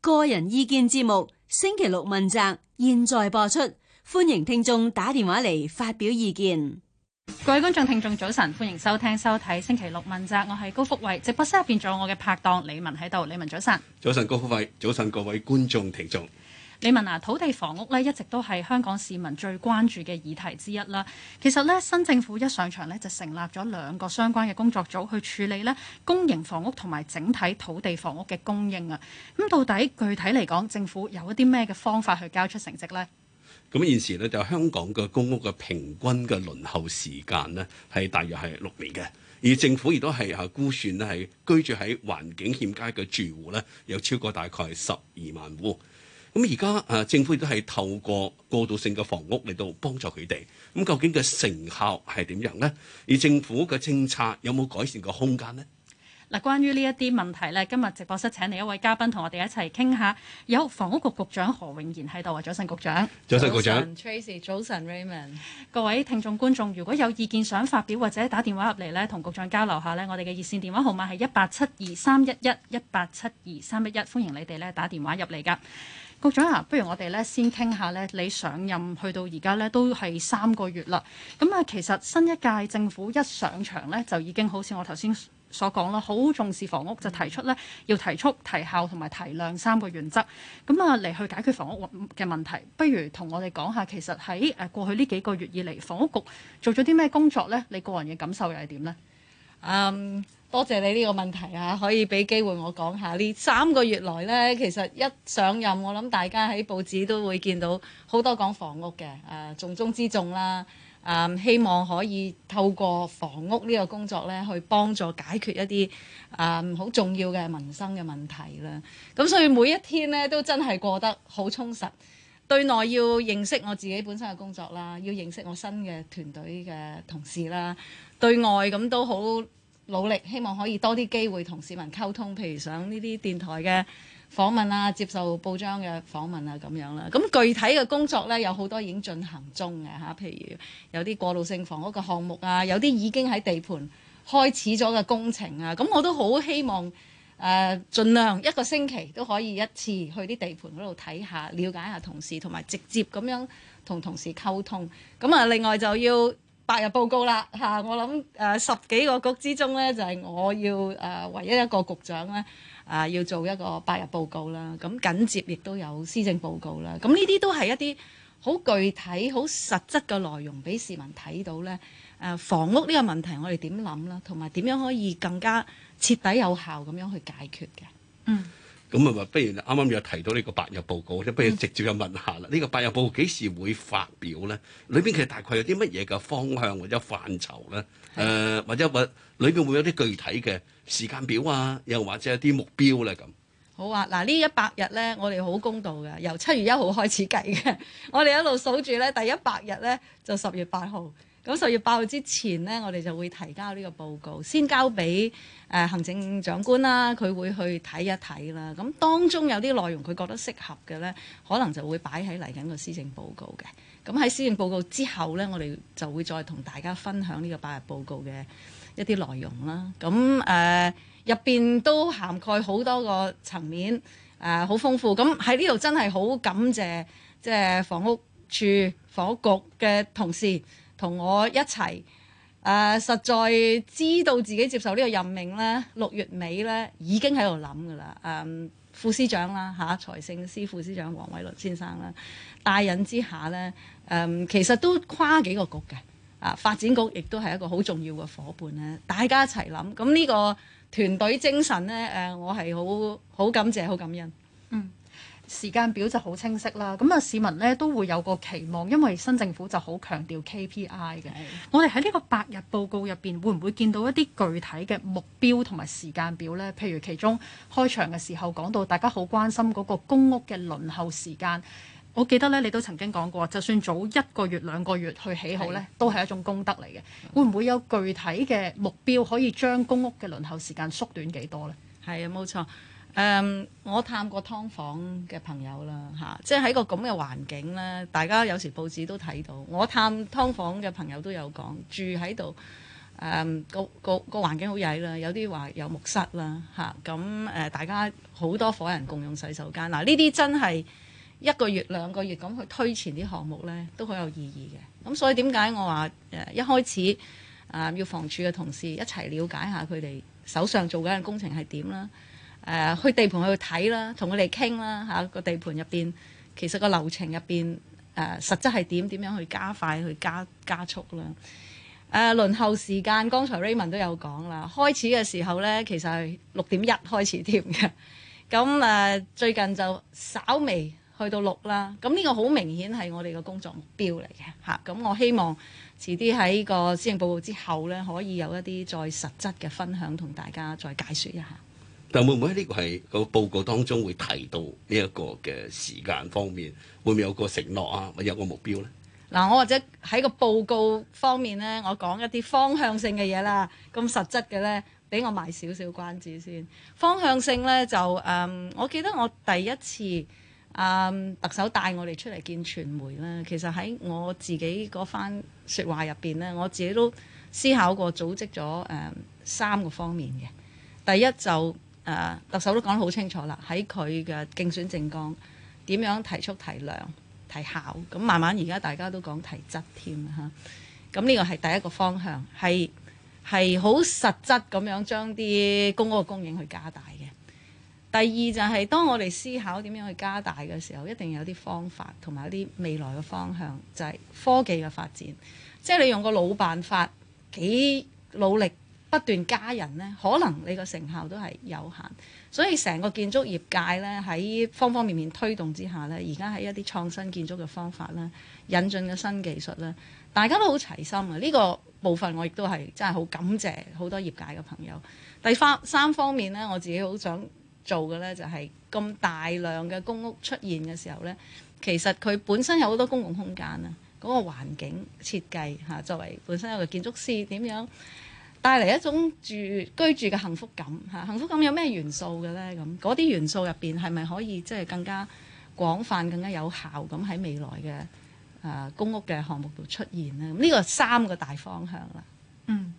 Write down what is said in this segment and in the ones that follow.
個人意見節目星期六問責，現在播出，歡迎聽眾打電話嚟發表意見。各位觀眾聽眾早晨，歡迎收聽收睇星期六問責，我係高福衛，直播室入邊做我嘅拍檔李文喺度，李文早晨，早晨高福衛，早晨各位觀眾聽眾。你問啊，土地房屋咧一直都係香港市民最關注嘅議題之一啦。其實咧，新政府一上場咧就成立咗兩個相關嘅工作組去處理咧公營房屋同埋整體土地房屋嘅供應啊。咁到底具體嚟講，政府有一啲咩嘅方法去交出成績呢？咁現時咧就香港嘅公屋嘅平均嘅輪候時間呢，係大約係六年嘅，而政府亦都係啊估算呢係居住喺環境欠佳嘅住戶呢，有超過大概十二萬戶。咁而家誒，政府都係透過過渡性嘅房屋嚟到幫助佢哋。咁究竟嘅成效係點樣呢？而政府嘅政策有冇改善個空間呢？嗱，關於呢一啲問題呢，今日直播室請嚟一位嘉賓同我哋一齊傾下。有房屋局局長何永賢喺度啊，早晨，局長。早晨，局長。Tracy，早晨，Raymond。各位聽眾觀眾，如果有意見想發表或者打電話入嚟呢，同局長交流下呢。我哋嘅熱線電話號碼係一八七二三一一一八七二三一一，歡迎你哋呢打電話入嚟噶。局長啊，不如我哋咧先傾下咧，你上任去到而家咧都係三個月啦。咁啊，其實新一屆政府一上場咧，就已經好似我頭先所講啦，好重視房屋，就提出咧要提速、提效同埋提量三個原則。咁啊，嚟去解決房屋嘅問題，不如同我哋講下，其實喺誒過去呢幾個月以嚟，房屋局做咗啲咩工作咧？你個人嘅感受又係點咧？嗯。Um, 多謝你呢個問題啊。可以俾機會我講下呢三個月來呢，其實一上任，我諗大家喺報紙都會見到好多講房屋嘅誒、呃，重中之重啦、呃。希望可以透過房屋呢個工作呢，去幫助解決一啲誒好重要嘅民生嘅問題啦。咁所以每一天呢，都真係過得好充實。對內要認識我自己本身嘅工作啦，要認識我新嘅團隊嘅同事啦。對外咁都好努力，希望可以多啲機會同市民溝通，譬如上呢啲電台嘅訪問啊、接受報章嘅訪問啊，咁樣啦。咁具體嘅工作呢，有好多已經進行中嘅嚇，譬如有啲過渡性房屋嘅項目啊，有啲已經喺地盤開始咗嘅工程啊。咁我都好希望誒，呃，盡量一個星期都可以一次去啲地盤嗰度睇下，了解下同事，同埋直接咁樣同同事溝通。咁啊，另外就要，百日報告啦嚇，我諗誒、啊、十幾個局之中呢，就係、是、我要誒、啊、唯一一個局長呢，誒、啊、要做一個百日報告啦。咁、啊、緊接亦都有施政報告啦。咁呢啲都係一啲好具體、好實質嘅內容，俾市民睇到呢誒、啊，房屋呢個問題我哋點諗啦，同埋點樣可以更加徹底、有效咁樣去解決嘅。嗯。咁啊，不如啱啱又提到呢個百日報告，即係不如直接又問下啦。呢、嗯、個百日報告幾時會發表咧？裏邊其實大概有啲乜嘢嘅方向或者範疇咧？誒是、呃，或者裏邊會有啲具體嘅時間表啊，又或者有啲目標咧咁。好啊，嗱呢一百日咧，我哋好公道嘅，由七月一號開始計嘅，我哋一路數住咧，第一百日咧就十月八號。咁十月八號之前呢，我哋就會提交呢個報告，先交俾誒、呃、行政長官啦，佢會去睇一睇啦。咁當中有啲內容佢覺得適合嘅呢，可能就會擺喺嚟緊個施政報告嘅。咁喺施政報告之後呢，我哋就會再同大家分享呢個八日報告嘅一啲內容啦。咁誒入邊都涵蓋好多個層面，誒好豐富。咁喺呢度真係好感謝即係、就是、房屋處房屋局嘅同事。同我一齊，誒、呃，實在知道自己接受呢個任命咧，六月尾咧已經喺度諗㗎啦。誒、嗯，副司長啦，嚇、啊、財政司副司長黃偉綸先生啦，帶、啊、引之下咧，誒、啊，其實都跨幾個局嘅，啊，發展局亦都係一個好重要嘅伙伴咧，大家一齊諗，咁呢個團隊精神咧，誒、啊，我係好好感謝、好感恩。嗯。時間表就好清晰啦，咁啊市民咧都會有個期望，因為新政府就好強調 KPI 嘅。係。我哋喺呢個百日報告入邊，會唔會見到一啲具體嘅目標同埋時間表呢？譬如其中開場嘅時候講到，大家好關心嗰個公屋嘅輪候時間。我記得咧，你都曾經講過，就算早一個月、兩個月去起好呢，係。都係一種功德嚟嘅。係。會唔會有具體嘅目標可以將公屋嘅輪候時間縮短幾多呢？係啊，冇錯。誒，um, 我探過劏房嘅朋友啦，嚇、啊，即係喺個咁嘅環境咧，大家有時報紙都睇到。我探劏房嘅朋友都有講住喺度，誒、啊、個個個環境好曳啦。有啲話有木蝨啦，嚇咁誒，大家好多伙人共用洗手間嗱。呢、啊、啲真係一個月兩個月咁去推前啲項目咧，都好有意義嘅。咁、啊、所以點解我話誒、啊、一開始啊，要房署嘅同事一齊了解下佢哋手上做緊嘅工程係點啦？誒、uh, 去地盤去睇啦，同佢哋傾啦嚇，個、啊、地盤入邊，其實個流程入邊誒實質係點，點樣去加快去加加速啦。誒、啊、輪候時間，剛才 Raymond 都有講啦。開始嘅時候呢，其實係六點一開始添嘅。咁、啊、誒最近就稍微去到六啦。咁呢個好明顯係我哋嘅工作目標嚟嘅嚇。咁、啊、我希望遲啲喺個施政報告之後呢，可以有一啲再實質嘅分享，同大家再解説一下。但會唔會喺呢個係個報告當中會提到呢一個嘅時間方面，會唔會有個承諾啊，或有個目標呢？嗱、啊，我或者喺個報告方面呢，我講一啲方向性嘅嘢啦。咁實質嘅呢，俾我賣少少關子先。方向性呢，就誒、嗯，我記得我第一次啊、嗯、特首帶我哋出嚟見傳媒啦。其實喺我自己嗰番説話入邊呢，我自己都思考過組織咗誒、嗯、三個方面嘅。第一就誒，特首都講得好清楚啦，喺佢嘅競選政綱點樣提速提量提效，咁慢慢而家大家都講提質添嚇，咁呢個係第一個方向，係係好實質咁樣將啲公屋嘅供應去加大嘅。第二就係、是、當我哋思考點樣去加大嘅時候，一定要有啲方法同埋一啲未來嘅方向，就係、是、科技嘅發展，即係你用個老辦法幾努力。不斷加人呢，可能你個成效都係有限，所以成個建築業界呢，喺方方面面推動之下呢，而家喺一啲創新建築嘅方法咧，引進嘅新技術咧，大家都好齊心嘅呢、呢個部分我，我亦都係真係好感謝好多業界嘅朋友。第三三方面呢，我自己好想做嘅呢，就係、是、咁大量嘅公屋出現嘅時候呢，其實佢本身有好多公共空間啊，嗰、那個環境設計吓作為本身有個建築師點樣？帶嚟一種住居住嘅幸福感嚇、啊，幸福感有咩元素嘅咧？咁嗰啲元素入邊係咪可以即係、就是、更加廣泛、更加有效咁喺未來嘅誒、呃、公屋嘅項目度出現咧？咁呢個三個大方向啦。嗯。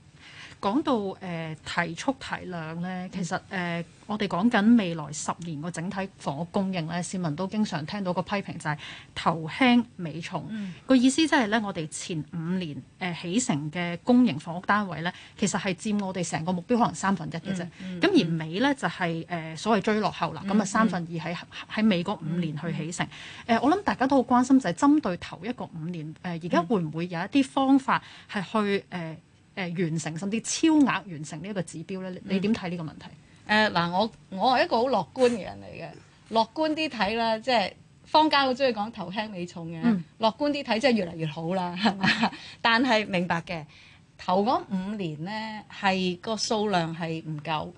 講到誒、呃、提速提量咧，其實誒、呃、我哋講緊未來十年個整體房屋供應咧，市民都經常聽到個批評就係、是、頭輕尾重，嗯、個意思即係咧我哋前五年誒、呃、起成嘅公營房屋單位咧，其實係佔我哋成個目標可能三分一嘅啫。咁、嗯嗯嗯、而尾咧就係、是、誒、呃、所謂追落後啦，咁啊、嗯、三分二喺喺尾嗰五年去起成。誒、呃、我諗大家都好關心就係針對頭一個五年誒，而、呃、家會唔會有一啲方法係去誒？呃呃誒、呃、完成甚至超額完成呢一個指標呢？你點睇呢個問題？誒嗱、嗯呃，我我係一個好樂觀嘅人嚟嘅，樂觀啲睇啦，即係坊間好中意講頭輕尾重嘅，嗯、樂觀啲睇即係越嚟越好啦， 但係明白嘅，頭嗰五年呢係個數量係唔夠，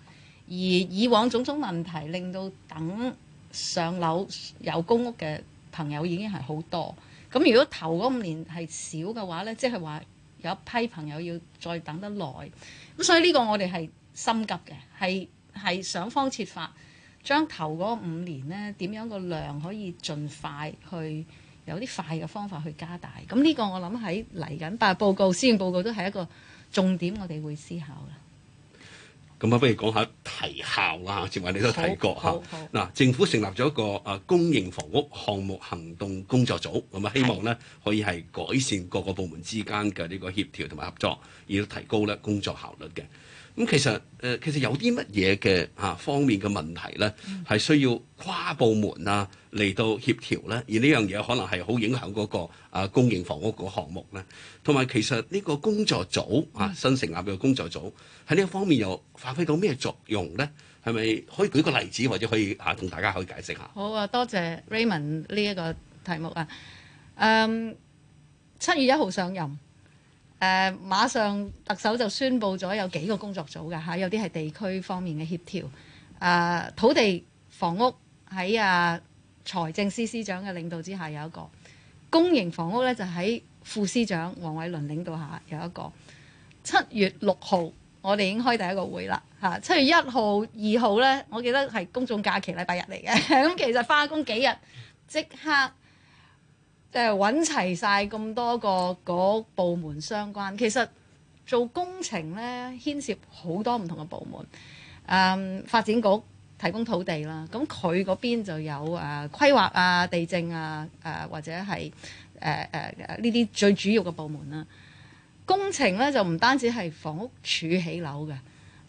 而以往種種問題令到等上樓有公屋嘅朋友已經係好多，咁如果頭嗰五年係少嘅話呢，即係話，有一批朋友要再等得耐，咁所以呢個我哋係心急嘅，係係想方設法將頭嗰五年呢，點樣個量可以盡快去有啲快嘅方法去加大，咁呢個我諗喺嚟緊八號報告、施政報告都係一個重點，我哋會思考啦。咁啊，不如講下提效啦嚇，前排你都提過嚇。嗱，政府成立咗一個啊公營房屋項目行動工作組，咁啊的希望咧可以係改善各個部門之間嘅呢個協調同埋合作，以提高咧工作效率嘅。咁、嗯、其實誒、呃，其實有啲乜嘢嘅啊方面嘅問題咧，係需要跨部門啊嚟到協調咧，而呢樣嘢可能係好影響嗰、那個啊公營房屋個項目咧。同埋其實呢個工作組啊，新成立嘅工作組喺呢一方面又發揮到咩作用咧？係咪可以舉個例子，或者可以嚇同、啊、大家可以解釋下？好啊，多謝 Raymond 呢一個題目啊。誒，七月一號上任。誒、呃，馬上特首就宣布咗有幾個工作組嘅嚇、啊，有啲係地區方面嘅協調，誒、啊、土地房屋喺啊財政司司長嘅領導之下有一個公營房屋咧，就喺副司長黃偉綸領導下有一個。七月六號我哋已經開第一個會啦嚇，七、啊、月一號二號咧，我記得係公眾假期禮拜日嚟嘅，咁 其實返工幾日即刻。就係揾齊晒咁多個嗰、那個、部門相關，其實做工程咧牽涉好多唔同嘅部門。誒、嗯、發展局提供土地啦，咁佢嗰邊就有誒、呃、規劃啊、地政啊、誒、呃、或者係誒誒呢啲最主要嘅部門啦。工程咧就唔單止係房屋署起樓嘅，誒、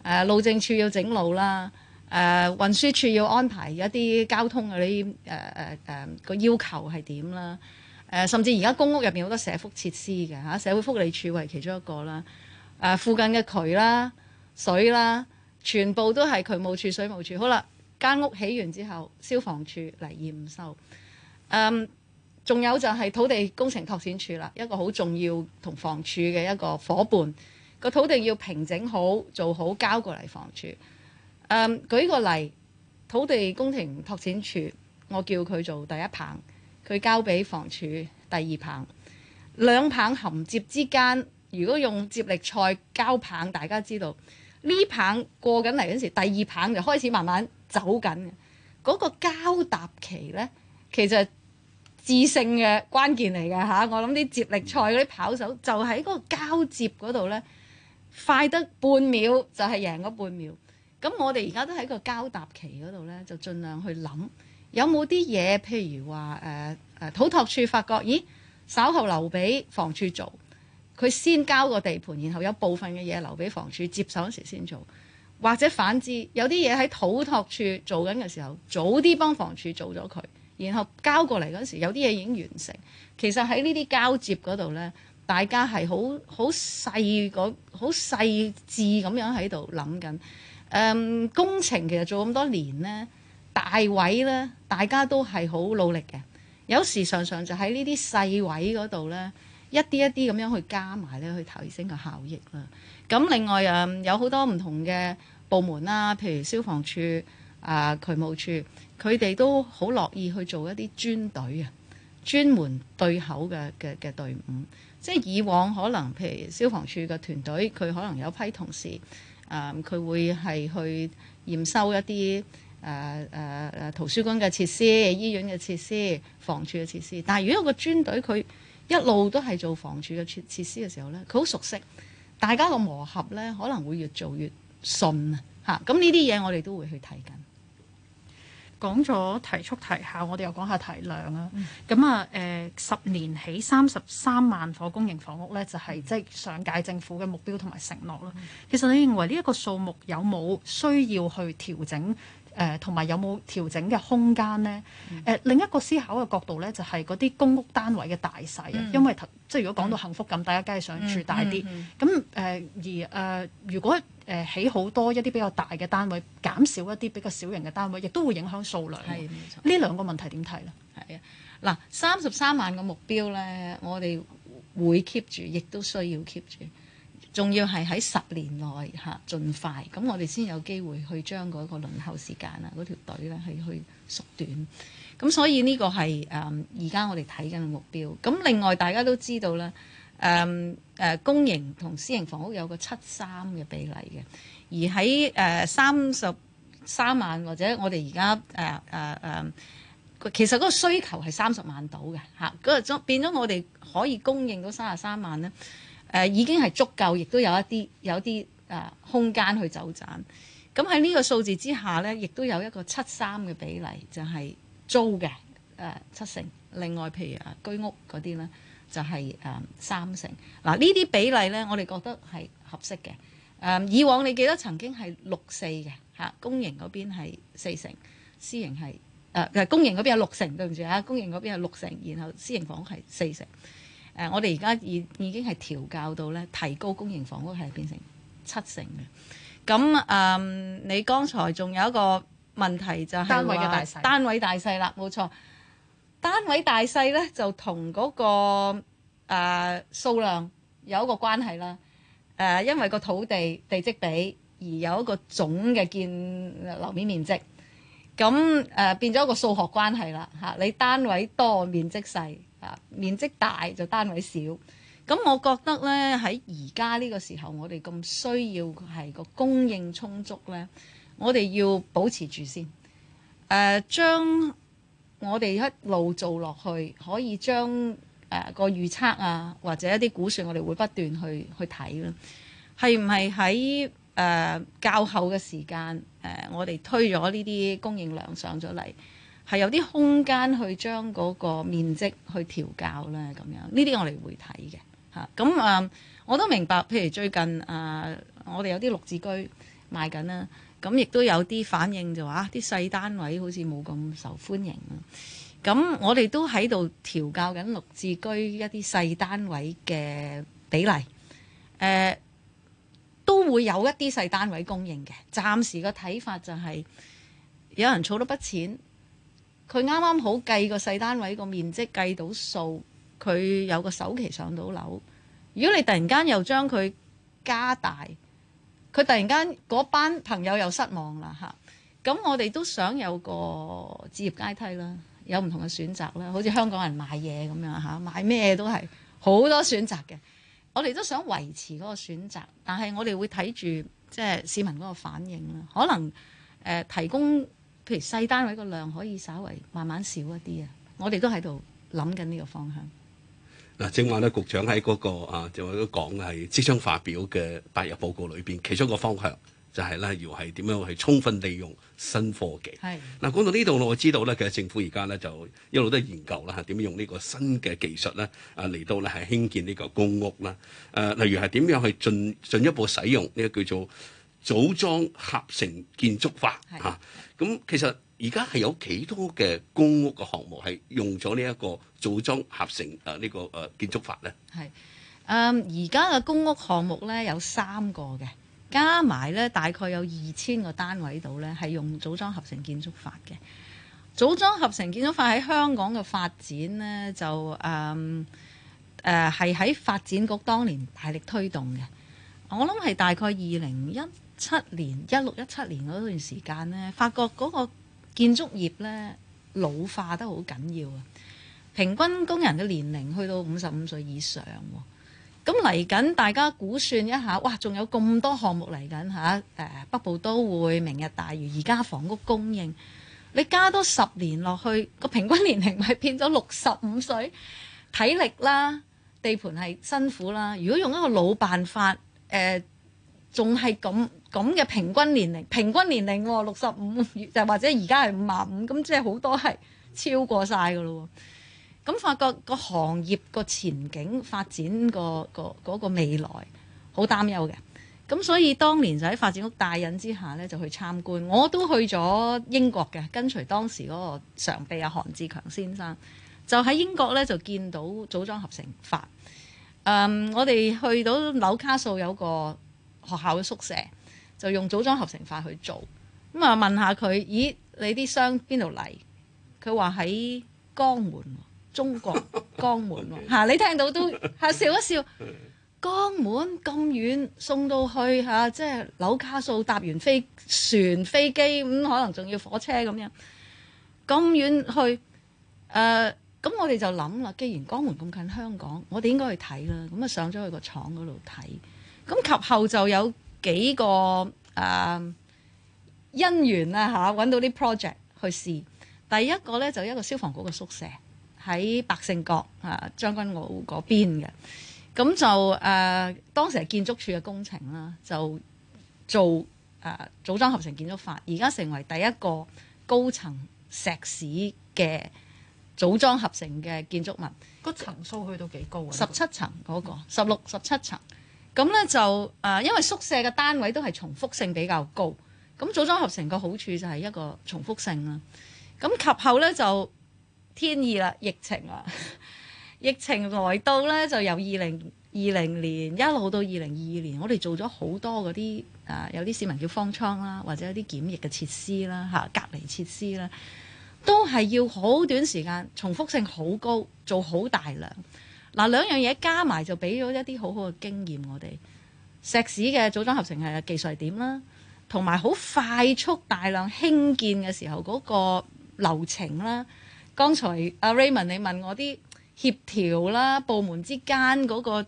呃、路政署要整路啦，誒、呃、運輸署要安排一啲交通嘅啲誒誒誒個要求係點啦。誒，甚至而家公屋入邊好多社福設施嘅嚇，社會福利署為其中一個啦。誒、啊，附近嘅渠啦、水啦，全部都係渠務處、水務處。好啦，間屋起完之後，消防處嚟驗收。誒、嗯，仲有就係土地工程拓展處啦，一個好重要同房署嘅一個伙伴。個土地要平整好，做好交過嚟房署。誒、嗯，舉個例，土地工程拓展處，我叫佢做第一棒。佢交俾房柱第二棒，兩棒銜接之間，如果用接力賽交棒，大家知道呢棒過緊嚟嗰時，第二棒就開始慢慢走緊。嗰、嗰個交搭期呢，其實係致勝嘅關鍵嚟嘅嚇。我諗啲接力賽嗰啲跑手就喺嗰個交接嗰度呢，快得半秒就係贏咗半秒。咁我哋而家都喺個交搭期嗰度呢，就盡量去諗。有冇啲嘢，譬如話誒誒土拓署發覺，咦，稍後留俾房署做，佢先交個地盤，然後有部分嘅嘢留俾房署接手嗰時先做，或者反之，有啲嘢喺土拓署做緊嘅時候，早啲幫房署做咗佢，然後交過嚟嗰時，有啲嘢已經完成。其實喺呢啲交接嗰度呢，大家係好好細個好細緻咁樣喺度諗緊。誒、嗯、工程其實做咁多年呢。大位咧，大家都係好努力嘅。有時常常就喺呢啲細位嗰度咧，一啲一啲咁樣去加埋咧，去提升個效益啦。咁另外誒、嗯，有好多唔同嘅部門啦、啊，譬如消防處啊、渠、呃、務處，佢哋都好樂意去做一啲專隊啊，專門對口嘅嘅嘅隊伍。即係以往可能譬如消防處嘅團隊，佢可能有批同事誒，佢、呃、會係去驗收一啲。誒誒誒圖書館嘅設施、醫院嘅設施、房署嘅設施，但係如果有個專隊佢一路都係做房署嘅設設施嘅時候呢，佢好熟悉，大家個磨合呢可能會越做越順啊！嚇，咁呢啲嘢我哋都會去睇緊。講咗提速提效，我哋又講下提量啊。咁啊誒，呃、十年起三十三萬個公營房屋呢，就係即係上屆政府嘅目標同埋承諾啦。嗯、其實你認為呢一個數目有冇需要去調整？誒同埋有冇調整嘅空間咧？誒、嗯呃、另一個思考嘅角度咧，就係嗰啲公屋單位嘅大細啊，嗯、因為即係如果講到幸福感，嗯、大家梗係想住大啲。咁誒、嗯嗯嗯呃、而誒、呃、如果誒、呃、起好多一啲比較大嘅單位，減少一啲比較小型嘅單位，亦都會影響數量。係冇錯。呢兩個問題點睇咧？係啊，嗱，三十三萬個目標咧，我哋會 keep 住，亦都需要 keep 住。仲要係喺十年內嚇、啊、盡快，咁我哋先有機會去將嗰個輪候時間啊，嗰條隊咧去去縮短。咁所以呢個係誒而家我哋睇緊嘅目標。咁另外大家都知道啦，誒、嗯、誒、啊、公營同私營房屋有個七三嘅比例嘅，而喺誒、啊、三十三萬或者我哋而家誒誒誒，其實嗰個需求係三十萬到嘅嚇，嗰、啊、個變咗我哋可以供應到三十三萬咧。誒已經係足夠，亦都有一啲有啲誒空間去走盞。咁喺呢個數字之下呢，亦都有一個七三嘅比例，就係、是、租嘅誒、呃、七成。另外譬如啊居屋嗰啲呢，就係、是、誒、呃、三成。嗱呢啲比例呢，我哋覺得係合適嘅。誒、呃、以往你記得曾經係六四嘅嚇，公營嗰邊係四成，私營係誒公營嗰邊係六成，對唔住啊，公營嗰邊係六成，然後私營房係四成。誒、呃，我哋而家已已經係調教到咧，提高公營房屋係變成七成嘅。咁、嗯、誒、嗯，你剛才仲有一個問題就係話單,單位大細啦，冇錯。單位大細咧就同嗰、那個誒、呃、數量有一個關係啦。誒、呃，因為個土地地積比而有一個總嘅建樓、呃、面面積，咁誒、呃、變咗一個數學關係啦嚇、啊。你單位多，面積細。面積大就單位少，咁我覺得呢，喺而家呢個時候，我哋咁需要係個供應充足呢，我哋要保持住先。誒、呃，將我哋一路做落去，可以將誒、呃、個預測啊，或者一啲估算，我哋會不斷去去睇咯。係唔係喺誒較後嘅時間？誒、呃，我哋推咗呢啲供應量上咗嚟？係有啲空間去將嗰個面積去調校咧，咁樣呢啲我哋會睇嘅嚇。咁啊，我都明白。譬如最近啊，我哋有啲綠置居賣緊啦，咁、啊、亦都有啲反應就話啲細單位好似冇咁受歡迎。咁、啊、我哋都喺度調校緊綠置居一啲細單位嘅比例。誒、啊、都會有一啲細單位供應嘅。暫時個睇法就係、是、有人儲到筆錢。佢啱啱好計個細單位個面積計到數，佢有個首期上到樓。如果你突然間又將佢加大，佢突然間嗰班朋友又失望啦嚇。咁、啊、我哋都想有個置業階梯啦，有唔同嘅選擇啦，好似香港人買嘢咁樣嚇、啊，買咩都係好多選擇嘅。我哋都想維持嗰個選擇，但係我哋會睇住即係市民嗰個反應啦。可能誒、呃、提供。譬如細單位個量可以稍微慢慢少一啲啊！我哋都喺度諗緊呢個方向。嗱，正話咧，局長喺嗰個啊，就話都講係即將發表嘅八日報告裏邊，其中一個方向就係咧要係點樣去充分利用新科技。係。嗱，講到呢度咧，我知道咧，其實政府而家咧就一路都研究啦嚇，點樣用呢個新嘅技術咧啊嚟到咧係興建呢個公屋啦。誒，例如係點樣去進進一步使用呢個叫做？組裝合成建築法嚇，咁是、啊、其實而家係有幾多嘅公屋嘅項目係用咗呢一個組裝合成啊呢、呢個誒建築法呢？係誒而家嘅公屋項目呢，有三個嘅，加埋呢，大概有二千個單位度呢，係用組裝合成建築法嘅。組裝合成建築法喺香港嘅發展呢，就誒誒係喺發展局當年大力推動嘅，我諗係大概二零一。七年一六一七年嗰段時間呢，發覺嗰個建築業呢，老化得好緊要啊！平均工人嘅年齡去到五十五歲以上喎。咁嚟緊，大家估算一下，哇！仲有咁多項目嚟緊嚇，誒、啊、北部都會、明日大嶼，而家房屋供應，你加多十年落去，個平均年齡咪變咗六十五歲？體力啦，地盤係辛苦啦。如果用一個老辦法，誒、呃，仲係咁。咁嘅平均年齡，平均年齡六十五，就或者而家係五十五，咁即係好多係超過晒㗎咯。咁發覺個行業個前景發展、嗰個個嗰、嗰個未來好擔憂嘅。咁所以當年就喺發展屋帶引之下呢，就去參觀。我都去咗英國嘅，跟隨當時嗰個常秘阿韓志強先生，就喺英國呢，就見到組裝合成法。誒、嗯，我哋去到紐卡素有個學校嘅宿舍。就用組裝合成法去做，咁啊，問下佢，咦，你啲箱邊度嚟？佢話喺江門，中國江門喎、 啊、你聽到都嚇笑一笑。江門咁遠送到去嚇，即、啊、係、就是、紐卡素搭完飛船飛機，咁、嗯、可能仲要火車咁樣咁遠去。誒、呃、咁我哋就諗啦，既然江門咁近香港，我哋應該去睇啦。咁啊，上咗去個廠嗰度睇，咁及後就有。幾個誒姻緣啦吓，揾、啊啊、到啲 project 去試。第一個呢，就一個消防局嘅宿舍喺百勝角啊將軍澳嗰邊嘅，咁就誒、啊、當時係建築署嘅工程啦，就做誒、啊、組裝合成建築法，而家成為第一個高層石屎嘅組裝合成嘅建築物。個層數去到幾高啊？十七層嗰個，十六、嗯、十七層。咁咧就誒，因為宿舍嘅單位都係重複性比較高，咁組裝合成個好處就係一個重複性啦。咁及後咧就天意啦，疫情啦， 疫情來到咧就由二零二零年一路到二零二二年，我哋做咗好多嗰啲誒，有啲市民叫方艙啦，或者有啲檢疫嘅設施啦，吓隔離設施啦，都係要好短時間，重複性好高，做好大量。嗱，兩樣嘢加埋就俾咗一啲好好嘅經驗我哋，石屎嘅組裝合成係技術點啦，同埋好快速大量興建嘅時候嗰個流程啦。剛才阿 Raymond 你問我啲協調啦，部門之間嗰個。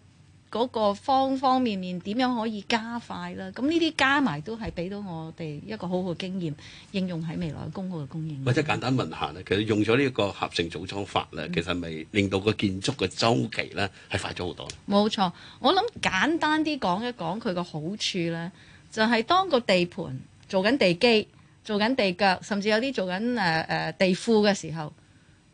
嗰個方方面面點樣可以加快啦？咁呢啲加埋都係俾到我哋一個好好嘅經驗，應用喺未來嘅公屋嘅供應。或者簡單問下咧，其實用咗呢個合成組裝法咧，其實咪令到個建築嘅周期咧係快咗好多。冇錯，我諗簡單啲講一講佢個好處咧，就係、是、當個地盤做緊地基、做緊地腳，甚至有啲做緊誒誒地庫嘅時候，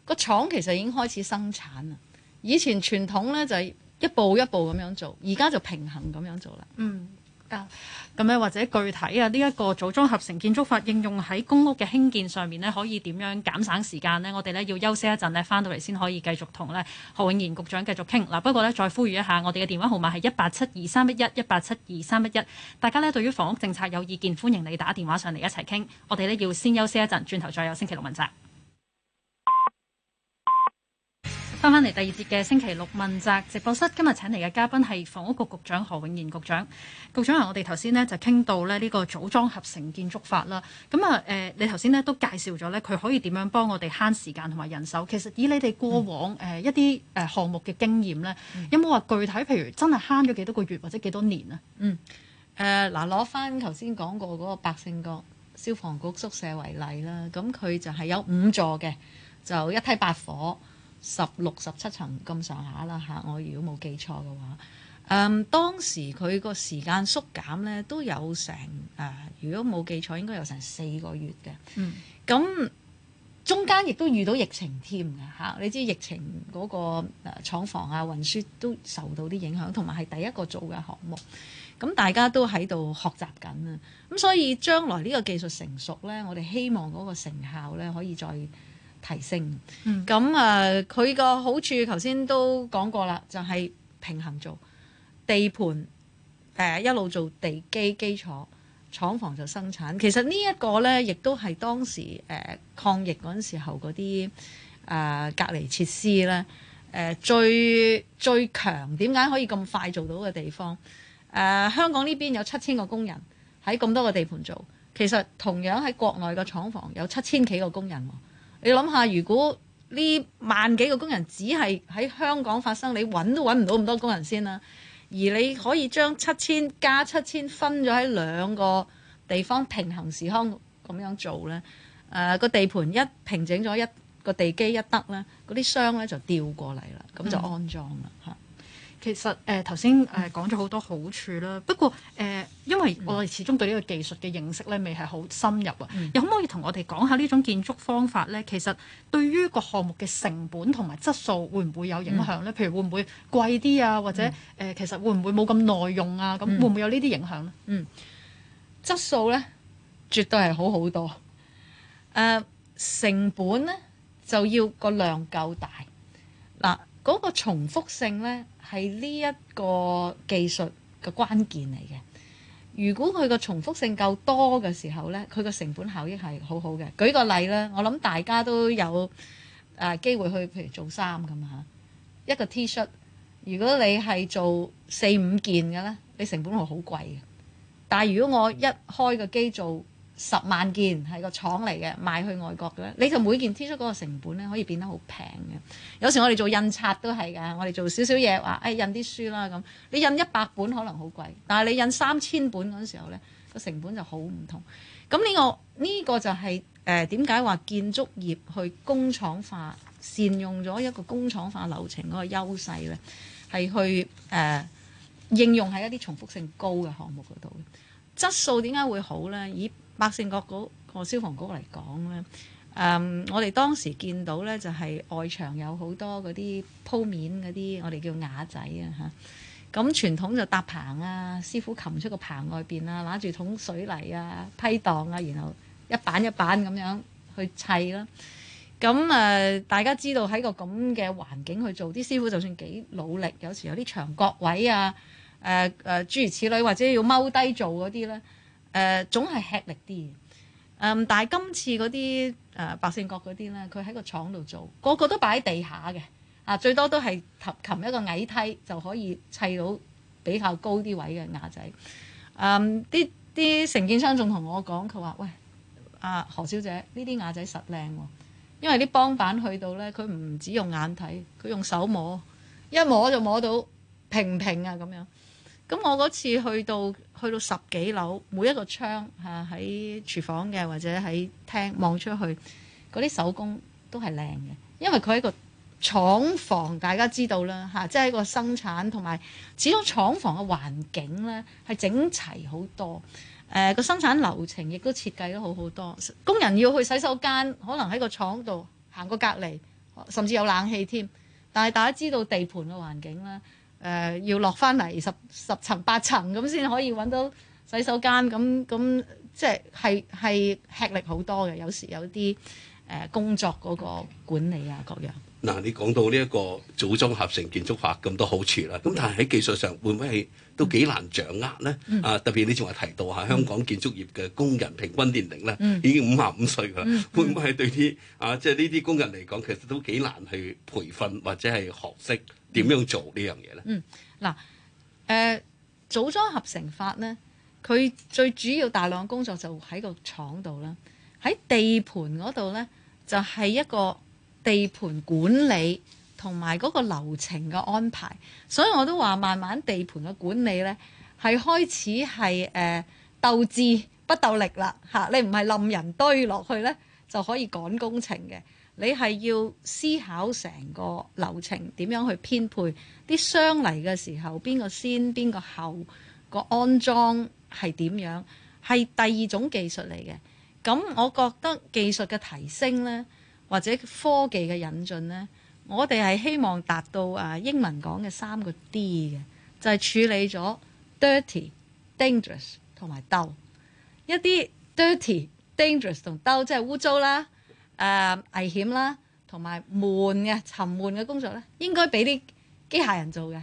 個廠其實已經開始生產啦。以前傳統咧就係。一步一步咁樣做，而家就平衡咁樣做啦。嗯啊，咁樣或者具體啊，呢一個組裝合成建築法應用喺公屋嘅興建上面呢，可以點樣減省時間呢？我哋呢，要休息一陣呢，翻到嚟先可以繼續同咧何永賢局長繼續傾。嗱，不過呢，再呼籲一下，我哋嘅電話號碼係一八七二三一一一八七二三一一。大家呢對於房屋政策有意見，歡迎你打電話上嚟一齊傾。我哋呢要先休息一陣，轉頭再有星期六問責。翻返嚟第二節嘅星期六問責直播室，今日請嚟嘅嘉賓係房屋局局長何永賢局長。局長啊，我哋頭先咧就傾到咧呢個組裝合成建築法啦。咁啊誒，你頭先咧都介紹咗咧，佢可以點樣幫我哋慳時間同埋人手？其實以你哋過往誒、嗯呃、一啲誒項目嘅經驗咧，有冇話具體譬如真係慳咗幾多個月或者幾多年啊？嗯誒嗱，攞返頭先講過嗰個百勝角消防局宿舍為例啦，咁、啊、佢、嗯、就係有五座嘅，就一梯八火。十六十七層咁上下啦嚇，我如果冇記錯嘅話，嗯，當時佢個時間縮減咧都有成，啊、呃，如果冇記錯應該有成四個月嘅。嗯，咁、嗯、中間亦都遇到疫情添㗎嚇，你知疫情嗰個廠房啊、運輸都受到啲影響，同埋係第一個做嘅項目，咁大家都喺度學習緊啊，咁所以將來呢個技術成熟咧，我哋希望嗰個成效咧可以再。提升咁啊！佢個、嗯嗯、好處，頭先都講過啦，就係、是、平衡做地盤誒、呃，一路做地基基礎廠房就生產。其實呢一個呢，亦都係當時誒、呃、抗疫嗰陣時候嗰啲誒隔離設施呢，誒、呃、最最強。點解可以咁快做到嘅地方？誒、呃、香港呢邊有七千個工人喺咁多個地盤做，其實同樣喺國內嘅廠房有七千幾個工人。你諗下，如果呢萬幾個工人只係喺香港發生，你揾都揾唔到咁多工人先啦。而你可以將七千加七千分咗喺兩個地方平衡時空咁樣做呢。誒、呃，個地盤一平整咗一個地基一得呢，嗰啲箱呢就吊過嚟啦，咁就安裝啦嚇。嗯其實誒頭先誒講咗好多好處啦。嗯、不過誒、呃，因為我哋始終對呢個技術嘅認識咧，未係好深入啊。又、嗯、可唔可以同我哋講下呢種建築方法咧？其實對於個項目嘅成本同埋質素會唔會有影響咧？嗯、譬如會唔會貴啲啊？或者誒，嗯、其實會唔會冇咁耐用啊？咁會唔會有呢啲影響咧？嗯，嗯，質素咧絕對係好好多誒、呃，成本咧就要個量夠大嗱嗰、嗰個重複性咧，係呢一個技術嘅關鍵嚟嘅。如果佢個重複性夠多嘅時候呢，佢個成本效益係好好嘅。舉個例咧，我諗大家都有誒、啊、機會去，譬如做衫咁嚇，一個 T 恤，shirt，如果你係做四五件嘅呢，你成本會好貴嘅。但係如果我一開個機做，十萬件係個廠嚟嘅，賣去外國嘅，你就每件 T 恤嗰個成本咧可以變得好平嘅。有時我哋做印刷都係㗎，我哋做少少嘢話，誒、哎、印啲書啦咁，你印一百本可能好貴，但係你印三千本嗰陣時候咧，個成本就好唔同。咁呢、這個呢、這個就係誒點解話建築業去工廠化，善用咗一個工廠化流程嗰個優勢咧，係去誒、呃、應用喺一啲重複性高嘅項目嗰度嘅質素點解會好咧？以百勝角個消防局嚟講咧，誒、嗯，我哋當時見到咧，就係、是、外牆有好多嗰啲鋪面嗰啲，我哋叫瓦仔啊嚇。咁傳統就搭棚啊，師傅擒出個棚外邊啊，攞住桶水泥啊，批盪啊，然後一板一板咁樣去砌啦、啊。咁、啊、誒，大家知道喺個咁嘅環境去做，啲師傅就算幾努力，有時有啲牆角位啊，誒、啊、誒、啊，諸如此類，或者要踎低做嗰啲咧。誒、uh, 總係吃力啲，嗯、um，但係今次嗰啲誒白線角嗰啲咧，佢喺個廠度做，個個都擺喺地下嘅，啊，最多都係擒擒一個矮梯就可以砌到比較高啲位嘅瓦仔，嗯、um，啲啲承建商仲同我講，佢話喂，阿、啊、何小姐，呢啲瓦仔實靚喎，因為啲幫板去到咧，佢唔止用眼睇，佢用手摸，一摸就摸到平平啊咁樣。咁、嗯、我嗰次去到去到十幾樓，每一個窗嚇喺、啊、廚房嘅，或者喺廳望出去，嗰啲手工都係靚嘅，因為佢係一個廠房，大家知道啦嚇、啊，即係一個生產同埋，始終廠房嘅環境咧係整齊好多，誒、啊、個、啊、生產流程亦都設計得好好多，工人要去洗手間，可能喺個廠度行過隔離，甚至有冷氣添。但係大家知道地盤嘅環境啦。誒、呃、要落翻嚟十十層八層咁先可以揾到洗手間，咁咁即係係係吃力好多嘅，有時有啲誒、呃、工作嗰個管理啊各樣。嗱、嗯，你講到呢一個組裝合成建築法咁多好處啦，咁但係喺技術上會唔會係都幾難掌握咧？嗯、啊，特別你仲話提到吓香港建築業嘅工人平均年齡咧、嗯、已經五十五歲㗎啦，嗯嗯、會唔會係對啲啊即係呢啲工人嚟講其實都幾難去培訓或者係學識？點樣做呢樣嘢呢？嗯，嗱，誒、呃、組裝合成法呢，佢最主要大量工作就喺個廠度啦，喺地盤嗰度呢，就係、是、一個地盤管理同埋嗰個流程嘅安排，所以我都話慢慢地盤嘅管理呢，係開始係誒、呃、鬥智不鬥力啦，嚇、啊、你唔係冧人堆落去呢，就可以趕工程嘅。你係要思考成個流程點樣去編配啲箱嚟嘅時候，邊個先，邊個後，個安裝係點樣？係第二種技術嚟嘅。咁我覺得技術嘅提升呢，或者科技嘅引進呢，我哋係希望達到啊英文講嘅三個 D 嘅，就係處理咗 dirty、dangerous 同埋兜一啲 dirty、dangerous 同兜，即係污糟啦。誒、呃、危險啦，同埋悶嘅沉悶嘅工作咧，應該俾啲機械人做嘅。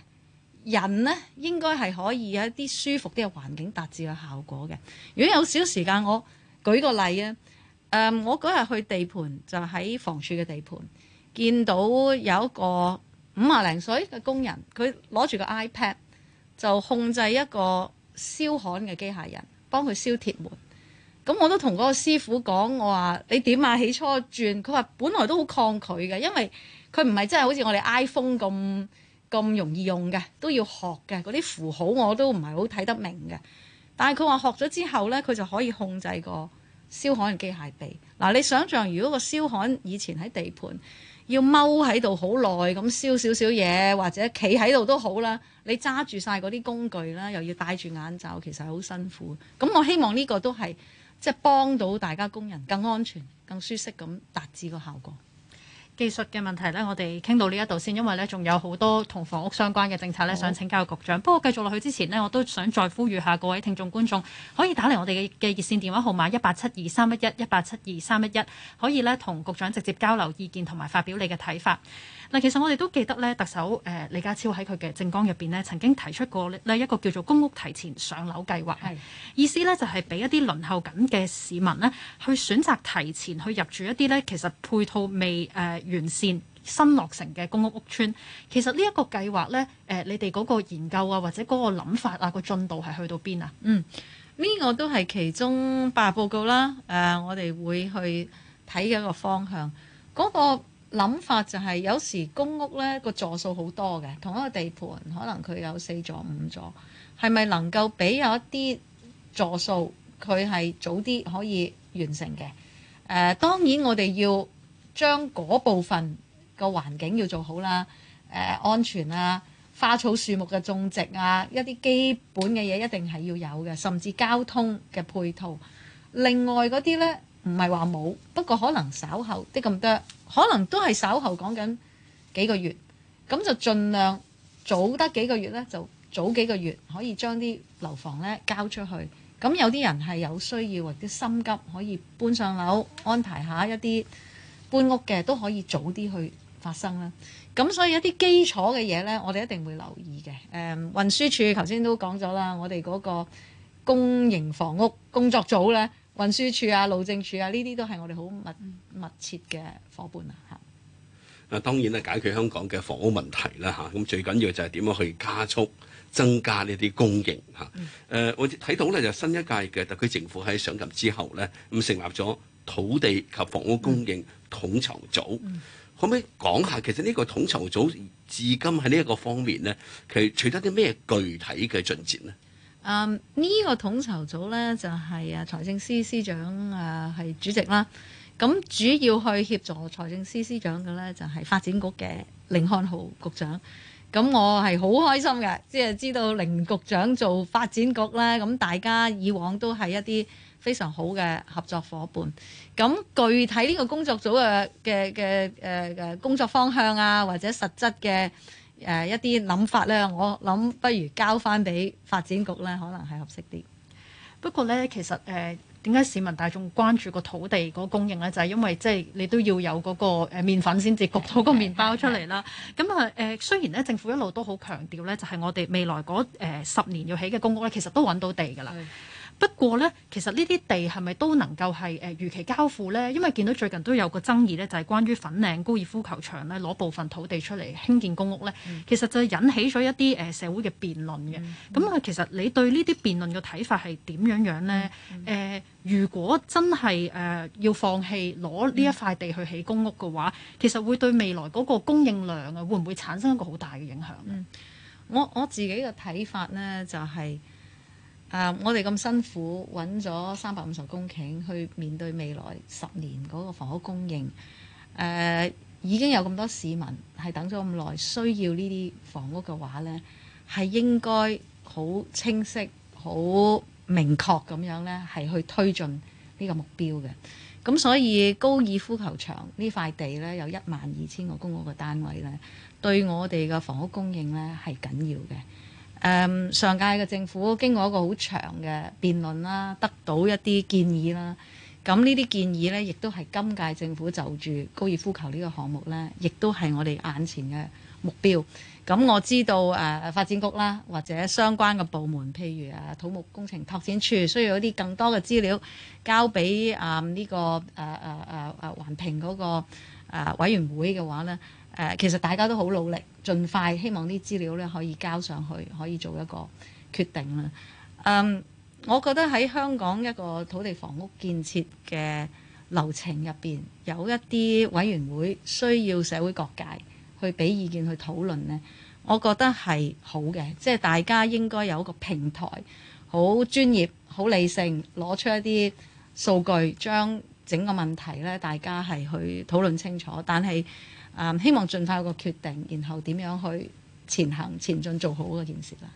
人咧，應該係可以有一啲舒服啲嘅環境達至嘅效果嘅。如果有少時間，我舉個例啊。誒、呃，我嗰日去地盤就喺、是、房署嘅地盤，見到有一個五啊零歲嘅工人，佢攞住個 iPad 就控制一個燒焊嘅機械人，幫佢燒鐵門。咁我都同嗰個師傅講，我話你點啊，起初轉，佢話本來都好抗拒嘅，因為佢唔係真係好似我哋 iPhone 咁咁容易用嘅，都要學嘅。嗰啲符號我都唔係好睇得明嘅。但係佢話學咗之後呢，佢就可以控制個燒焊機械臂。嗱，你想像如果個燒焊以前喺地盤要踎喺度好耐咁燒少少嘢，或者企喺度都好啦，你揸住晒嗰啲工具啦，又要戴住眼罩，其實好辛苦。咁我希望呢個都係。即係幫到大家工人更安全、更舒適咁達至個效果。技術嘅問題呢，我哋傾到呢一度先，因為呢仲有好多同房屋相關嘅政策呢。好想請教局長。不過繼續落去之前呢，我都想再呼籲下各位聽眾觀眾，可以打嚟我哋嘅熱線電話號碼一八七二三一一一八七二三一一，11, 11，可以呢，同局長直接交流意見同埋發表你嘅睇法。嗱，其實我哋都記得咧，特首誒、呃、李家超喺佢嘅政綱入邊咧，曾經提出過咧一個叫做公屋提前上樓計劃，的意思咧就係、是、俾一啲輪候緊嘅市民咧，去選擇提前去入住一啲咧，其實配套未誒完善、新落成嘅公屋屋邨。其實呢一個計劃咧，誒、呃、你哋嗰個研究啊，或者嗰個諗法啊，個進度係去到邊啊？嗯，呢個都係其中八報告啦。誒、呃，我哋會去睇嘅一個方向嗰、嗰個諗法就係有時公屋呢個座數好多嘅，同一個地盤可能佢有四座五座，係咪能夠俾有一啲座數佢係早啲可以完成嘅？誒、呃，當然我哋要將嗰部分個環境要做好啦，誒、呃、安全啊、花草樹木嘅種植啊、一啲基本嘅嘢一定係要有嘅，甚至交通嘅配套。另外嗰啲呢。唔係話冇，不過可能稍後啲咁多，可能都係稍後講緊幾個月，咁就盡量早得幾個月呢，就早幾個月可以將啲樓房呢交出去。咁有啲人係有需要或者心急，可以搬上樓安排一下一啲搬屋嘅，都可以早啲去發生啦。咁所以一啲基礎嘅嘢呢，我哋一定會留意嘅。誒、呃，運輸署頭先都講咗啦，我哋嗰個公營房屋工作組呢。運輸署啊、路政署啊，呢啲都係我哋好密密切嘅伙伴啊！嚇，啊當然啦，解決香港嘅房屋問題啦嚇，咁最緊要就係點樣去加速增加呢啲供應嚇。誒、嗯，我睇到咧就新一屆嘅特區政府喺上任之後咧，咁成立咗土地及房屋供應統籌組，嗯、可唔可以講下其實呢個統籌組至今喺呢一個方面咧，其實取得啲咩具體嘅進展呢？啊！呢、um, 個統籌組呢，就係啊財政司司長啊係、呃、主席啦，咁、嗯、主要去協助財政司司長嘅呢，就係、是、發展局嘅甯漢豪局長。咁、嗯、我係好開心嘅，即係知道甯局長做發展局咧，咁、嗯、大家以往都係一啲非常好嘅合作伙伴。咁、嗯、具體呢個工作組嘅嘅嘅工作方向啊，或者實質嘅。誒、呃、一啲諗法咧，我諗不如交翻俾發展局咧，可能係合適啲。不過咧，其實誒，點解市民大眾關注個土地嗰供應咧，就係、是、因為即係、就是、你都要有嗰個誒麵粉先至焗到個麵包出嚟啦。咁啊誒，雖然咧政府一路都好強調咧，就係、是、我哋未來嗰、呃、十年要起嘅公屋咧，其實都揾到地㗎啦。不過咧，其實呢啲地係咪都能夠係誒、呃、如期交付咧？因為見到最近都有個爭議咧，就係、是、關於粉嶺高爾夫球場咧攞部分土地出嚟興建公屋咧，嗯、其實就引起咗一啲誒、呃、社會嘅辯論嘅。咁啊、嗯，嗯、其實你對呢啲辯論嘅睇法係點樣樣咧？誒、嗯嗯呃，如果真係誒、呃、要放棄攞呢一塊地去起公屋嘅話，嗯、其實會對未來嗰個供應量啊，會唔會產生一個好大嘅影響咧、嗯？我我自己嘅睇法咧就係、是。啊！Uh, 我哋咁辛苦揾咗三百五十公頃去面對未來十年嗰個房屋供應，誒、uh, 已經有咁多市民係等咗咁耐，需要呢啲房屋嘅話，呢係應該好清晰、好明確咁樣呢係去推進呢個目標嘅。咁所以高爾夫球場呢塊地呢，有一萬二千個公屋嘅單位呢，對我哋嘅房屋供應呢係緊要嘅。誒、um, 上屆嘅政府經過一個好長嘅辯論啦，得到一啲建議啦。咁呢啲建議呢，亦都係今屆政府就住高爾夫球呢個項目呢，亦都係我哋眼前嘅目標。咁我知道誒、啊、發展局啦，或者相關嘅部門，譬如誒、啊、土木工程拓展處，需要一啲更多嘅資料交俾啊呢、這個誒誒誒誒環評嗰個、啊、委員會嘅話呢。誒，其實大家都好努力，盡快希望啲資料咧可以交上去，可以做一個決定啦。嗯，我覺得喺香港一個土地房屋建設嘅流程入邊，有一啲委員會需要社會各界去俾意見去討論呢，我覺得係好嘅，即係大家應該有一個平台，好專業、好理性，攞出一啲數據，將整個問題咧，大家係去討論清楚。但係，啊！希望盡快有個決定，然後點樣去前行前進做好嗰件事啦。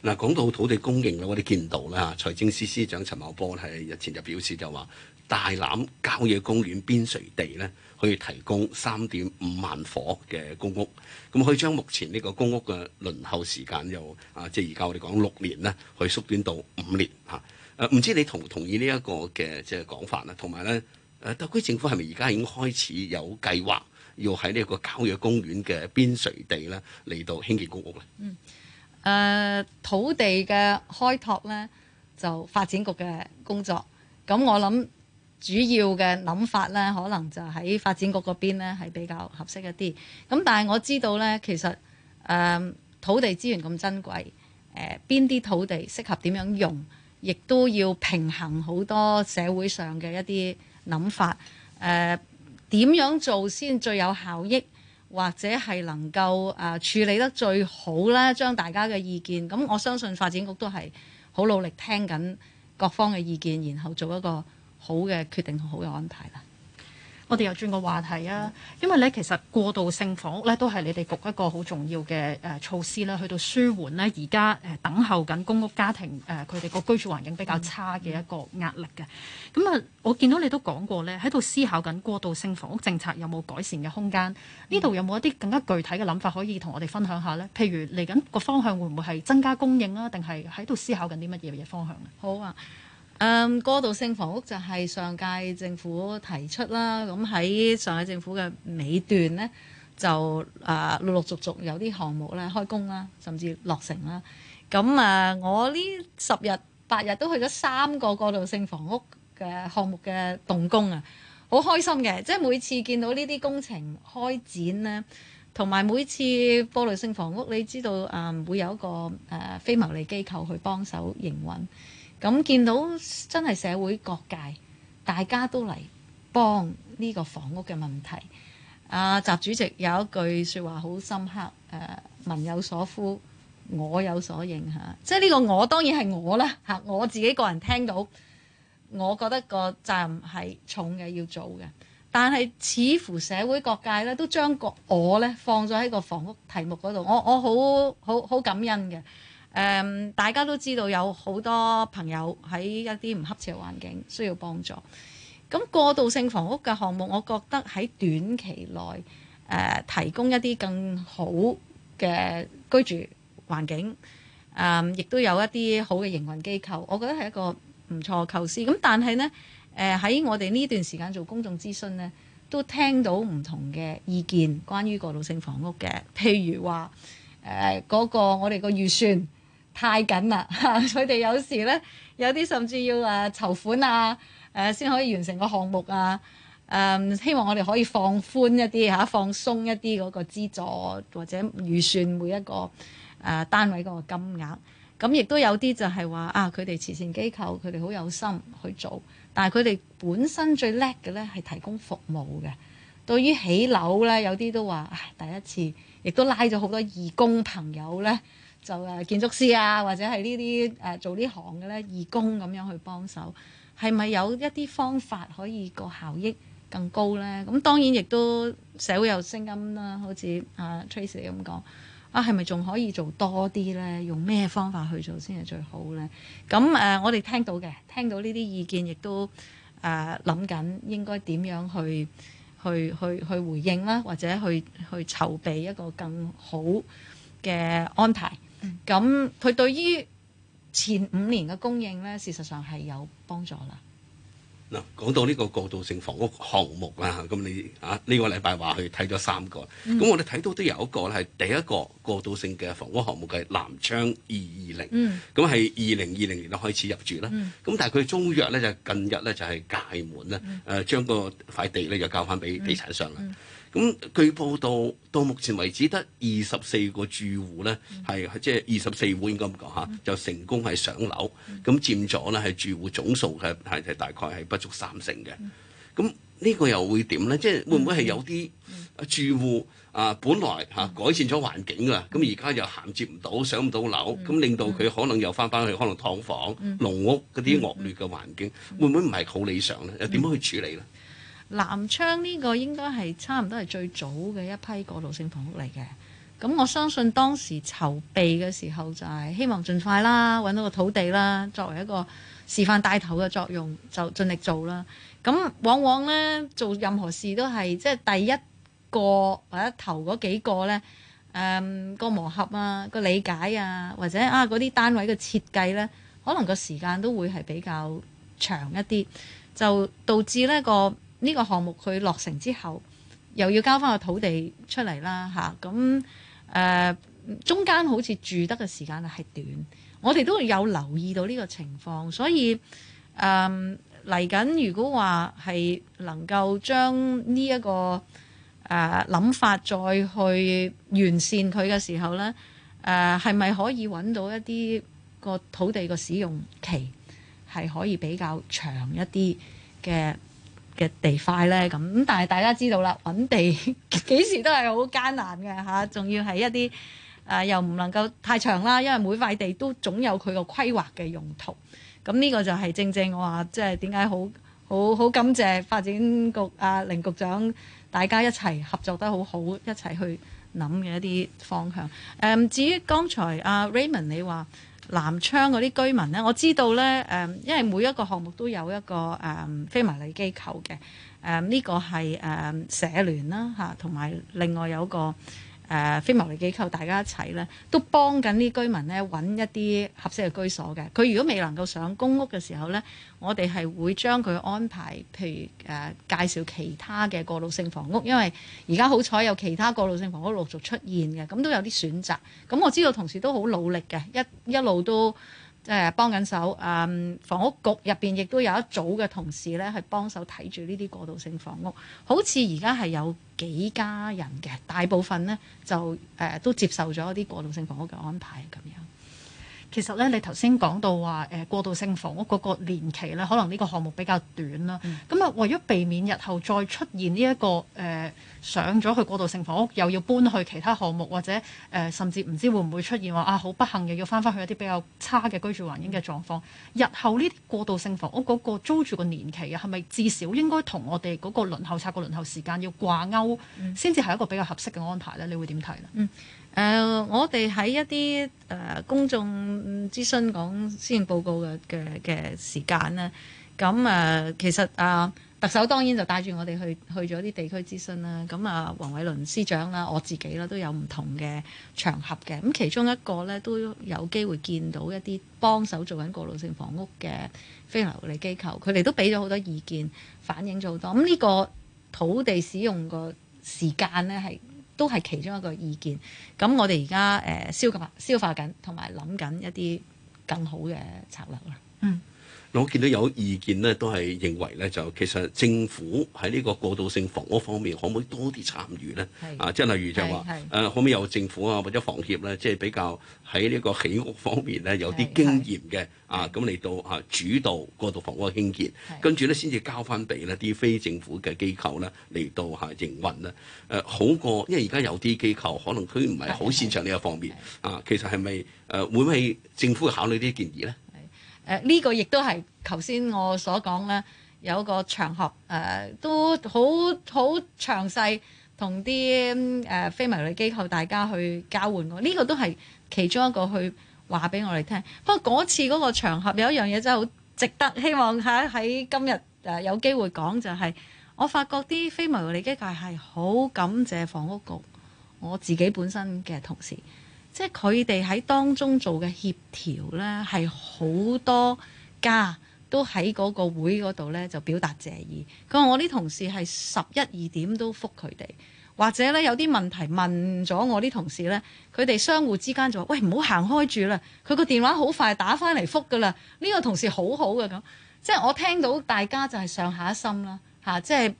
嗱，講到土地供應咧，我哋見到啦，財政司司長陳茂波係日前就表示就話，大欖郊野公園邊陲地咧，可以提供三點五萬伙嘅公屋，咁可以將目前呢個公屋嘅輪候時間又啊，即係而家我哋講六年呢可以縮短到五年嚇。誒，唔知你同唔同意呢一個嘅即係講法咧？同埋咧，誒特區政府係咪而家已經開始有計劃？要喺呢個郊野公園嘅邊陲地呢，嚟到興建公屋。嗯，呃，土地嘅開拓呢，就發展局嘅工作。咁我諗主要嘅諗法呢，可能就喺發展局嗰邊咧，係比較合適一啲。咁但係我知道呢，其實誒，呃，土地資源咁珍貴，誒邊啲土地適合點樣用，亦都要平衡好多社會上嘅一啲諗法。誒、呃。點樣做先最有效益，或者係能夠誒、呃、處理得最好啦？將大家嘅意見咁，我相信發展局都係好努力聽緊各方嘅意見，然後做一個好嘅決定同好嘅安排啦。我哋又轉個話題啊，因為咧其實過渡性房屋咧都係你哋局一個好重要嘅誒、呃、措施啦，去到舒緩咧而家誒等候緊公屋家庭誒佢哋個居住環境比較差嘅一個壓力嘅。咁啊、嗯嗯，我見到你都講過咧，喺度思考緊過渡性房屋政策有冇改善嘅空間？呢度有冇一啲更加具體嘅諗法可以同我哋分享下咧？譬如嚟緊個方向會唔會係增加供應啊？定係喺度思考緊啲乜嘢嘅方向啊？好啊。嗯，過渡性房屋就係上屆政府提出啦，咁、嗯、喺上屆政府嘅尾段呢，就啊、呃、陸陸續續有啲項目咧開工啦，甚至落成啦。咁、嗯、啊，我呢十日八日都去咗三個過渡性房屋嘅項目嘅動工啊，好開心嘅。即係每次見到呢啲工程開展呢，同埋每次過渡性房屋，你知道啊、嗯，會有一個誒、呃、非牟利機構去幫手營運。咁見到真係社會各界大家都嚟幫呢個房屋嘅問題。阿、啊、習主席有一句説話好深刻，誒、啊、民有所呼，我有所應嚇、啊。即係呢個我當然係我啦嚇，我自己個人聽到，我覺得個責任係重嘅，要做嘅。但係似乎社會各界咧都將個我咧放咗喺個房屋題目嗰度，我我好好好感恩嘅。誒，um, 大家都知道有好多朋友喺一啲唔恰切嘅環境需要幫助。咁、嗯、過渡性房屋嘅項目，我覺得喺短期內誒、呃、提供一啲更好嘅居住環境，誒、嗯、亦都有一啲好嘅營運機構，我覺得係一個唔錯嘅構思。咁、嗯、但係呢，誒、呃、喺我哋呢段時間做公眾諮詢呢，都聽到唔同嘅意見，關於過渡性房屋嘅，譬如話誒、呃嗰個我哋個預算。太緊啦！佢哋有時咧，有啲甚至要誒、啊、籌款啊，誒、啊、先可以完成個項目啊。誒、啊、希望我哋可以放寬一啲嚇、啊，放鬆一啲嗰個資助或者預算每一個誒、啊、單位嗰個金額。咁、嗯、亦都有啲就係話啊，佢哋慈善機構佢哋好有心去做，但係佢哋本身最叻嘅咧係提供服務嘅。對於起樓咧，有啲都話唉，第一次亦都拉咗好多義工朋友咧。就誒建築師啊，或者係、呃、呢啲誒做呢行嘅咧義工咁樣去幫手，係咪有一啲方法可以個效益更高咧？咁當然亦都社會有聲音啦，好似啊 Tracy 你咁講，啊係咪仲可以做多啲咧？用咩方法去做先係最好咧？咁誒、呃，我哋聽到嘅，聽到呢啲意見，亦都誒諗緊應該點樣去去去去回應啦，或者去去籌備一個更好嘅安排。咁佢、嗯、對於前五年嘅供應咧，事實上係有幫助啦。嗱，講到呢個過渡性房屋項目啦，咁你啊呢、呢個禮拜話去睇咗三個，咁、嗯、我哋睇到都有一個咧，係第一個過渡性嘅房屋項目嘅南昌二二零，咁係二零二零年開始入住啦。咁、嗯、但係佢租約咧就近日咧就係屆滿啦，誒、嗯啊、將個塊地咧就交翻俾地產商啦。嗯嗯嗯咁據報道，到目前為止得二十四個住戶咧，係即係二十四戶應該咁講吓，就成功係上樓。咁佔咗咧係住戶總數嘅係係大概係不足三成嘅。咁呢個又會點咧？即係會唔會係有啲住戶啊，本來吓改善咗環境㗎喇，咁而家又銜接唔到，上唔到樓，咁令到佢可能又翻返去可能劏房、籠屋嗰啲惡劣嘅環境，會唔會唔係好理想咧？又點樣去處理咧？南昌呢個應該係差唔多係最早嘅一批過渡性房屋嚟嘅，咁我相信當時籌備嘅時候就係希望盡快啦，搵到個土地啦，作為一個示範帶頭嘅作用，就盡力做啦。咁往往呢，做任何事都係即係第一個或者頭嗰幾個呢，誒、嗯、個磨合啊個理解啊或者啊嗰啲單位嘅設計呢，可能個時間都會係比較長一啲，就導致呢、那個。呢個項目佢落成之後，又要交翻個土地出嚟啦，吓、啊，咁、啊、誒，中間好似住得嘅時間係短，我哋都有留意到呢個情況，所以誒嚟緊，啊、如果話係能夠將呢一個誒諗、啊、法再去完善佢嘅時候呢，誒係咪可以揾到一啲個土地個使用期係可以比較長一啲嘅？嘅地塊咧，咁但係大家知道啦，揾地幾時都係好艱難嘅嚇，仲、啊、要係一啲誒、呃、又唔能夠太長啦，因為每塊地都總有佢個規劃嘅用途。咁、嗯、呢、這個就係正正我話即係點解好好好感謝發展局啊甯局長，大家一齊合作得好好，一齊去諗嘅一啲方向。誒、嗯，至於剛才阿、啊、Raymond 你話。南昌嗰啲居民呢，我知道呢，誒、嗯，因為每一個項目都有一個誒非牟利機構嘅，誒、嗯、呢、這個係誒、嗯、社聯啦，嚇、啊，同埋另外有個。誒、呃、非牟利機構大家一齊咧，都幫緊啲居民咧揾一啲合適嘅居所嘅。佢如果未能夠上公屋嘅時候咧，我哋係會將佢安排，譬如誒、呃、介紹其他嘅過渡性房屋，因為而家好彩有其他過渡性房屋陸續出現嘅，咁都有啲選擇。咁我知道同事都好努力嘅，一一路都。誒、呃、幫緊手，誒、嗯、房屋局入邊亦都有一組嘅同事咧，係幫手睇住呢啲過渡性房屋，好似而家係有幾家人嘅，大部分咧就誒、呃、都接受咗一啲過渡性房屋嘅安排咁樣。其實咧，你頭先講到話誒過渡性房屋嗰個年期咧，可能呢個項目比較短啦。咁啊、嗯，為咗避免日後再出現呢、這、一個誒、呃、上咗去過渡性房屋，又要搬去其他項目，或者誒、呃、甚至唔知會唔會出現話啊好不幸又要翻翻去一啲比較差嘅居住環境嘅狀況。嗯、日後呢啲過渡性房屋嗰個租住個年期啊，係咪至少應該同我哋嗰個輪候冊個輪候時間要掛鈎，先至係一個比較合適嘅安排咧？你會點睇咧？嗯誒、呃，我哋喺一啲誒、呃、公眾諮詢講施政報告嘅嘅嘅時間咧，咁、嗯、誒、呃、其實啊、呃，特首當然就帶住我哋去去咗啲地區諮詢啦。咁、嗯、啊，黃偉綸司長啦、啊，我自己啦，都有唔同嘅場合嘅。咁、嗯、其中一個咧，都有機會見到一啲幫手做緊過渡性房屋嘅非牟利機構，佢哋都俾咗好多意見，反映咗好多。咁、嗯、呢、這個土地使用個時間呢，係。都係其中一個意見，咁我哋而家誒消化消化緊，同埋諗緊一啲更好嘅策略啦。嗯。我見到有意見咧，都係認為咧，就其實政府喺呢個過渡性房屋方面，可唔可以多啲參與咧？是啊，即係例如就話，誒是可唔可以有政府啊，或者房協咧，即、就、係、是、比較喺呢個起屋方面咧，有啲經驗嘅是啊，咁嚟到啊主導過渡房屋嘅興建，是跟住咧先至交翻俾呢啲非政府嘅機構咧嚟到嚇、啊、營運咧，誒、啊、好過，因為而家有啲機構可能佢唔係好擅長呢個方面是是啊，其實係咪誒會唔會政府考慮呢啲建議咧？誒呢個亦都係頭先我所講咧，有一個場合誒、呃、都好好詳細同啲誒非牟利機構大家去交換過。呢、這個都係其中一個去話俾我哋聽。不過嗰次嗰個場合有一樣嘢真係好值得，希望喺喺今日誒有機會講就係、是，我發覺啲非牟利機構係好感謝房屋局我自己本身嘅同事。即係佢哋喺當中做嘅協調呢，係好多家都喺嗰個會嗰度呢就表達謝意。佢話我啲同事係十一二點都覆佢哋，或者呢有啲問題問咗我啲同事呢，佢哋相互之間就話：喂，唔好行開住啦！佢個電話好快打翻嚟覆噶啦。呢個同事好好嘅咁，即係我聽到大家就係上下一心啦，嚇！即係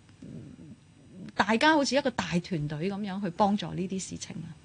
大家好似一個大團隊咁樣去幫助呢啲事情啊！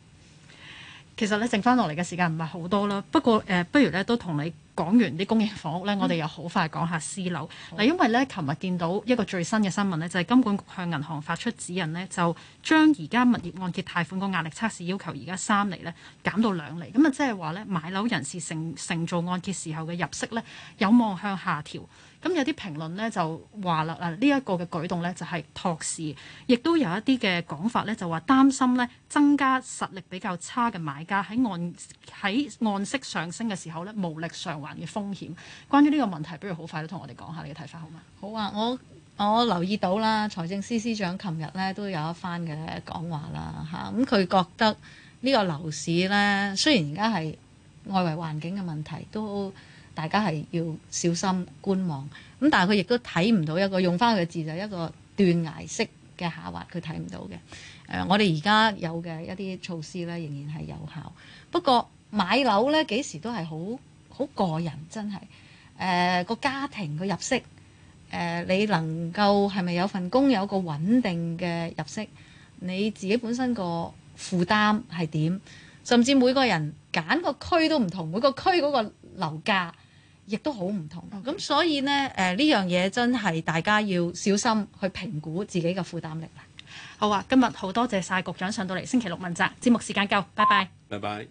其實咧剩翻落嚟嘅時間唔係好多啦，不過誒、呃，不如咧都同你講完啲公營房屋咧，嗯、我哋又好快講下私樓嗱，嗯、因為咧，琴日見到一個最新嘅新聞呢，就係、是、金管局向銀行發出指引呢，就將而家物業按揭貸款個壓力測試要求而家三厘咧減到兩厘。咁啊，即係話咧買樓人士成成做按揭時候嘅入息咧有望向下調。咁、嗯、有啲評論咧就話啦，誒呢一個嘅舉動咧就係、是、托市，亦都有一啲嘅講法咧就話擔心咧增加實力比較差嘅買家喺按喺按息上升嘅時候咧無力償還嘅風險。關於呢個問題，不如好快都同我哋講下你嘅睇法好嗎？好啊，我我留意到啦，財政司司長琴日咧都有一番嘅講話啦嚇，咁、啊、佢、嗯、覺得個樓呢個樓市咧雖然而家係外圍環境嘅問題都。大家係要小心觀望，咁但係佢亦都睇唔到一個用翻佢嘅字就係一個斷崖式嘅下滑，佢睇唔到嘅。誒、呃，我哋而家有嘅一啲措施咧，仍然係有效。不過買樓咧幾時都係好好個人，真係誒個家庭嘅入息誒、呃，你能夠係咪有份工有個穩定嘅入息？你自己本身個負擔係點？甚至每個人揀個區都唔同，每個區嗰、那個。樓價亦都好唔同，咁、嗯、所以呢，誒呢樣嘢真係大家要小心去評估自己嘅負擔力啦。好啊，今日好多謝晒局長上到嚟星期六問責，節目時間夠，拜拜。拜拜。